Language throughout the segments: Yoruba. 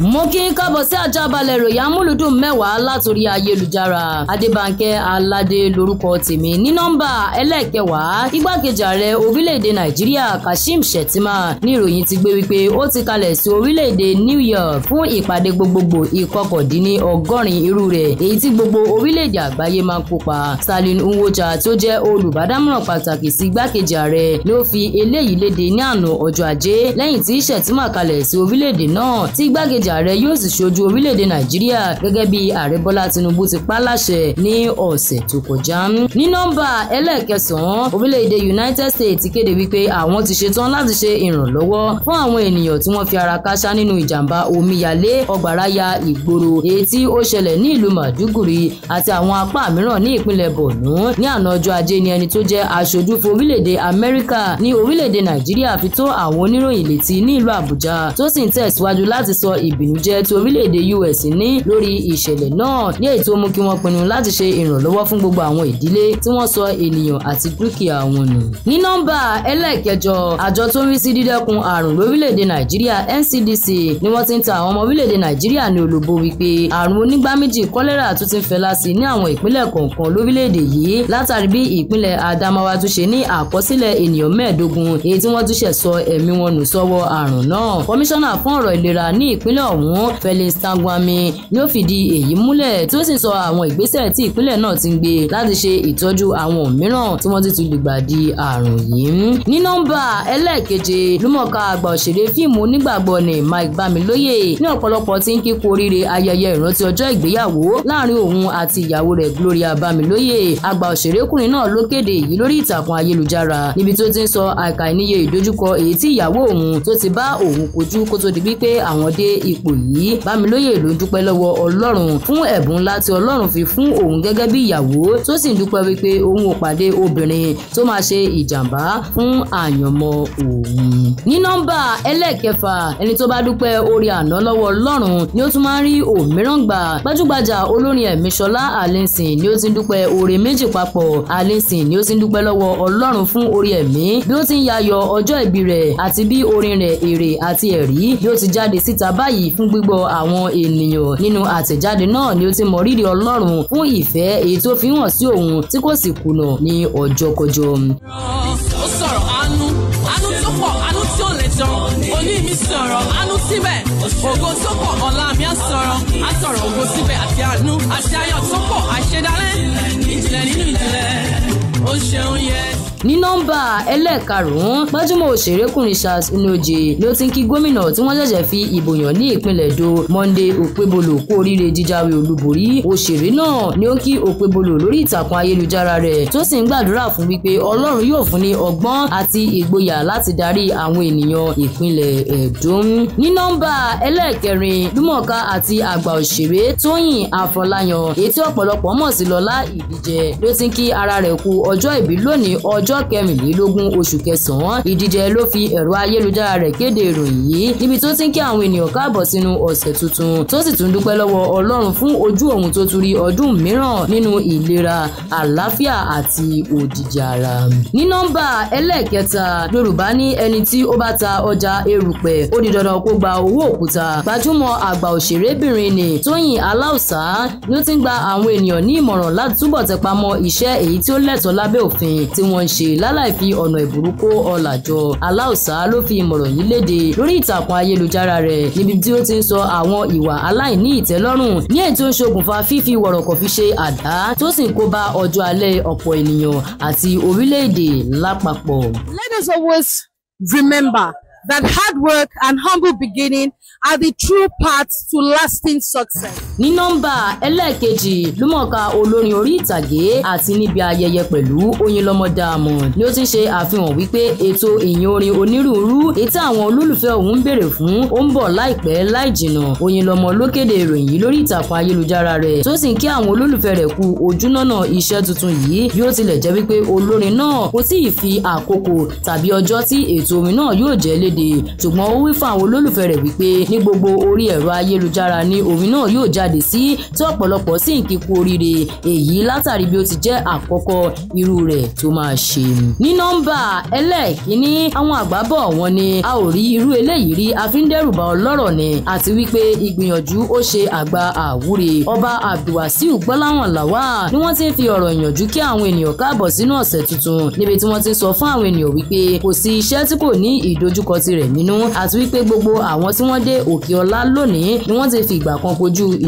mo kí n kábọ̀ sí àjábalẹ̀ ròyìn amúlùdùn mẹ́wàá látòrí ayélujára adébánkẹ́ aládé lórúkọ tèmi ní nọ́mbà ẹlẹ́ẹ̀kẹwàá igbákejì ààrẹ orílẹ̀-èdè nàìjíríà kashim shettima ní ìròyìn ti gbé wípé ó ti kalẹ̀ sí orílẹ̀-èdè new york fún ìpàdé gbogbogbò ìkọkàndínní ọgọ́rin irú rẹ̀ èyí tí gbogbo orílẹ̀-èdè àgbáyé máa ń kópa stalin nwocha tó jẹ́ olùbádámọ̀ràn pàtàkì sí igbákejì ààrẹ ló fi eléyìí léde ní àná ọjọ́ ajé lẹ́yìn tí shettima kalẹ̀ sí orílẹ̀-èdè náà tí igbákejì ààrẹ yóò sì ṣojú orílẹ̀-èdè nàìjíríà gẹ́gẹ́ bí ààrẹ bọ́lá tinubu ti pa láṣẹ ní ọ̀sẹ̀ tó kọjá. ní nọ́mbà ẹlẹ́ẹ̀kẹsàn-án orílẹ̀-èdè united states kéde wípé àwọn ti ṣetán láti ṣe ìrànlọ́wọ́ fún àwọn ènìyàn tí wọ́n fi ara káṣá nínú ìjàmbá omíyalé ọgbàráyà ìgboro èyí tí ó ṣẹlẹ̀ ní ìlú màdúgùrì àti àwọn apá mìíràn ní ìpínlẹ̀ borno ní àná ọjọ́ ajé ni ẹni tó jẹ́ aṣojú fún orílẹ̀-èdè amẹ́ríkà ní orílẹ̀-èdè nàìjíríà fi tó àwọn oníròyìn létí ní ìlú àbújá tó sì ń tẹ̀síwájú láti sọ ì ìbìnújẹ́ tí orílẹ̀-èdè US ní lórí ìṣẹ̀lẹ̀ náà ní èyí tó mú kí wọ́n pinnu láti ṣe ìrànlọ́wọ́ fún gbogbo àwọn ìdílé tí wọ́n sọ ènìyàn àti dúkìá wọn nù. ní nọ́mbà ẹlẹ́ẹ̀kẹjọ àjọ tó ń rí sí dídẹ́kun àrùn lórílẹ̀-èdè Nàìjíríà NCDC ni wọ́n ti ń ta àwọn ọmọ orílẹ̀-èdè Nàìjíríà ní olóbó wípé àrùn onígbáméjì kọ́lẹ́rà tún ti ń fẹ́lá sí ní àwọn ìpínlẹ̀ kọ̀ọ̀kan lórílẹ̀-èdè yìí látàrí bí ìpínlẹ̀ Adamawa tún ṣe ní àkọsílẹ̀ ènìyàn mẹ́ẹ̀ẹ́dógún èyí tí wọ́n tún ṣẹ̀ sọ ẹ̀mí wọn nù sọ́wọ́ àrùn náà kọmíṣánná fún ọ̀rọ̀ ìlera ní ìpínlẹ̀ ọ̀hún Felix Tangwami ni ó fìdí èyí múlẹ̀ tí ó sì sọ àwọn ìgbésẹ̀ tí ìpínlẹ̀ náà ti ń gbé láti ṣe ìtọ́jú àwọn mìíràn tí wọ́n ti tún lùgbà di àrùn yìí. ní nọ́mbà ẹlẹ́ẹ̀keje lúmọ̀ọ́ká àgbà òṣèré fíìmù onígbàgbọ́ ni Mike Bamilóyè ní ọ̀pọ̀lọpọ̀ ti ń kíkú oríire ayẹyẹ ìrántí ọjọ́ ìgbéyàwó láàrin òun àti ìyàwó rẹ̀ Gloria Bamilóyè àgbà òṣèrékùnrin náà ló kéde èyí lórí ìtàkùn ayélujára níbi tó ti ń sọ àkàìníye ìdojúkọ èyí tí ìyàwó òun tó ti bá òun kojú kó tó di ipò yìí bámilóyè ló dúpẹ́ lọ́wọ́ ọlọ́run fún ẹ̀bùn ńlá tí ọlọ́run fi fún òun gẹ́gẹ́ bí ìyàwó tó sì ń dúpẹ́ wípé òun ò pàdé obìnrin tó máa ṣe ìjàmbá fún àyànmọ́ òun. ní nọ́mbà ẹlẹ́ẹ̀kẹfà ẹni tó bá dúpẹ́ orí àná lọ́wọ́ ọlọ́run ni ó tún máa ń rí òmíràn gbà gbajúgbajà olórin ẹ̀mí ṣọlá àlẹ́sìn ni ó ti ń dúpẹ́ oore méjì papọ̀ àlẹ́sìn ni ó ti ń dúpẹ́ lọ́wọ́ ọlọ́run fún orí ẹ̀mí bí ó ti ń yayọ̀ ọjọ́ ìbí rẹ̀ àti bí orin rẹ̀ èrè àti ẹ̀rí bí ó ti jáde síta báyìí yìí fún gbígbọ́ àwọn ènìyàn nínú àtẹ̀jáde náà ni ó ti mọ rírì ọlọ́run fún ìfẹ́ èyí tó fi hàn sí òun tí kò sì kùnà ní ọjọ́kọjọ́. ó sọ̀rọ̀ àánú àánú tó pọ̀ àánú tí ò lè tán òní mi sọ̀rọ̀ àánú síbẹ̀ ògo tó pọ̀ ọ̀la mi á sọ̀rọ̀ á sọ̀rọ̀ ògo síbẹ̀ àti àánú àti ayọ̀ tó pọ̀ àṣedálẹ̀ ìjìnlẹ̀ nínú ìjìnlẹ̀ ó ṣeun yẹ ní nọ́mbà ẹlẹ́ẹ̀karùn-ún gbajúmọ̀ òṣèrékùnrin Charles Inojè ló ti ń kí gómìnà tí wọ́n ṣẹ̀ṣẹ̀ fi ìbò yàn ní ìpínlẹ̀ Èdó Monday Okpebolo kú oríire jíjáwé olúborí òṣèré náà ni ó kí Okpebolo lórí ìtàkùn ayélujára rẹ̀ tó sì ń gbàdúrà fún wípé Ọlọ́run yóò fún ní ọgbọ́n àti ìgboyà láti darí àwọn ènìyàn ìpínlẹ̀ Èdó ní nọ́mbà ẹlẹ́ẹ̀kẹrin lúmọ̀ọ́ká àti àgbà òṣèré Tóyìn Afọláyan èyí tí ọ̀pọ̀lọpọ̀ mọ̀ sí Lọlá Ìbíjẹ ló ti ń kí ara rẹ̀ kú ọjọ́ ìbí lónìí ọj ọjọ́ kẹrìnlélógún oṣù kẹsàn-án ìdíje ló fi ẹ̀rọ ayélujára rẹ̀ kéde ìròyìn yìí níbi tó ti ń kí àwọn ènìyàn káàbọ̀ sínú ọ̀sẹ̀ tuntun tó sì tún dúpẹ́ lọ́wọ́ ọlọ́run fún ojú òun tó tún rí ọdún mìíràn nínú ìlera àlàáfíà àti òjìjà ara. ní nọ́mbà ẹlẹ́ẹ̀kẹta yorùbá ní ẹni tí ó bá ta ọjà erùpẹ̀ ó di dandan kó gba owó òkúta gbajúmọ̀ àgbà òṣèrébìnrin ni tóyìn aláùsá ni ti ń gba àwọn ènìyàn ní ìmọ̀ràn láti túbọ̀ tẹpamọ́ iṣẹ́ èyí tí ó lẹ́tọ̀ọ́ lábẹ́ òfin tí wọ́n ń ṣe láláì fi ọ̀nà ìbùrú kó ọlà jọ aláùsá ló fi ìmọ̀ràn yìí léde lórí ìtàkùn ayélujára rẹ̀ níbi tí ó ti ń sọ àwọn ìwà aláìní ìtẹ́lọ́rùn ní èyí tó ń ṣokùnfà fífi wọ̀rọ̀kọ̀ fi ṣe àdá tó sì ń kó ọjọ́ alẹ́ ọ̀pọ̀ ènìyàn àti orílẹ̀-èdè lápapọ̀. Let us always remember that hard work and humble beginning are the true paths to lasting success ní nọ́mbà ẹlẹ́ẹ̀kejì lúmọ̀ọ́ká olórin orí ìtàgé àti níbi ayẹyẹ pẹ̀lú Oyinlọ́mọ Diamond ni ó ti ṣe àfihàn wípé ètò ìyìn orin onírúurú ètò àwọn olólùfẹ́ òun ń béèrè fún ó ń bọ̀ láìpẹ́ láì jìnà Oyinlọ́mọ ló kéde ìròyìn lórí ìtàkùn ayélujára rẹ̀ tó sì ń kí àwọn olólùfẹ́ rẹ̀ kú ojúnọ́nà iṣẹ́ tuntun yìí bí ó tilẹ̀ jẹ́ wípé olórin náà kò tí ì fi àkókò tàbí ọjọ́ tí ètò orin náà yóò jẹ́ léde ṣùgbọ́n ó wí fún àwọn olólùfẹ́ rẹ̀ wípé ní gbogbo orí ẹ̀rọ ayélujára ni orin náà yóò já jáde sí tí ọ̀pọ̀lọpọ̀ sì ń kí kú oríire èyí látàrí bí ó ti jẹ́ àkọ́kọ́ irú rẹ̀ tó máa ṣe. ní nọ́mbà ẹlẹ́ẹ̀kínní àwọn àgbà bọ̀ wọ́n ní a ò rí irú eléyìí rí àfíndẹ́rùbà ọlọ́rọ̀ ni àti wípé ìgbìyànjú ó ṣe àgbà àwúre ọba abdulwasiu gbọ́láwọn làwà ni wọ́n ti ń fi ọ̀rọ̀ ìyànjú kí àwọn ènìyàn káàbọ̀ sínú ọ̀sẹ̀ tuntun níbi tí wọ́n ti sọ fún àwọn ènìyàn wípé kò sí iṣẹ́ tí kò ní ìdojúkọ tirẹ̀ nínú àti wípé gbogbo àwọn tí wọ́n dé òkè ọlá lónìí ni wọ́n ti fi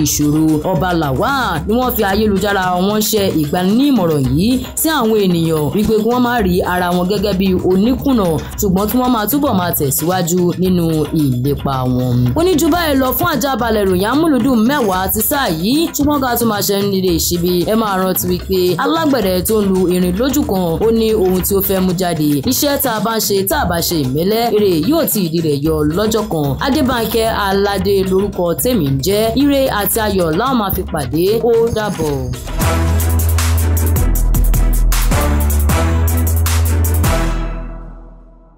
ì ìṣòro ọba Lawal ni wọ́n fi ayélujára wọn ṣe ìgbanímọ̀ràn yìí sí àwọn ènìyàn wípé kí wọ́n má rí ara wọn gẹ́gẹ́ bí oníkùnà ṣùgbọ́n kí wọ́n máa túbọ̀ máa tẹ̀síwájú nínú ìlépa wọn. ó ní ju báyìí lọ fún àjábalẹ̀ ròyìn amúlùdùn mẹ́wàá ti sáà yìí ṣùgbọ́n ká tún máa ṣe ń lè ṣíbi ẹ máa rántí wípé alágbẹ̀dẹ tó ń lu irin lójú kan ó ní ohun tí ó fẹ́ mú jáde iṣẹ́ tá a bá ń ṣe tá a bá ṣe ìmẹ́lẹ́ èrè yóò ti ìdí rẹ̀ yọ lọ́jọ́ kan Adébánkẹ́ Aládé lórúkọ tèmi ń jẹ́ ire àti àti ayọ̀ la ó máa fi pàdé ó dàbọ̀.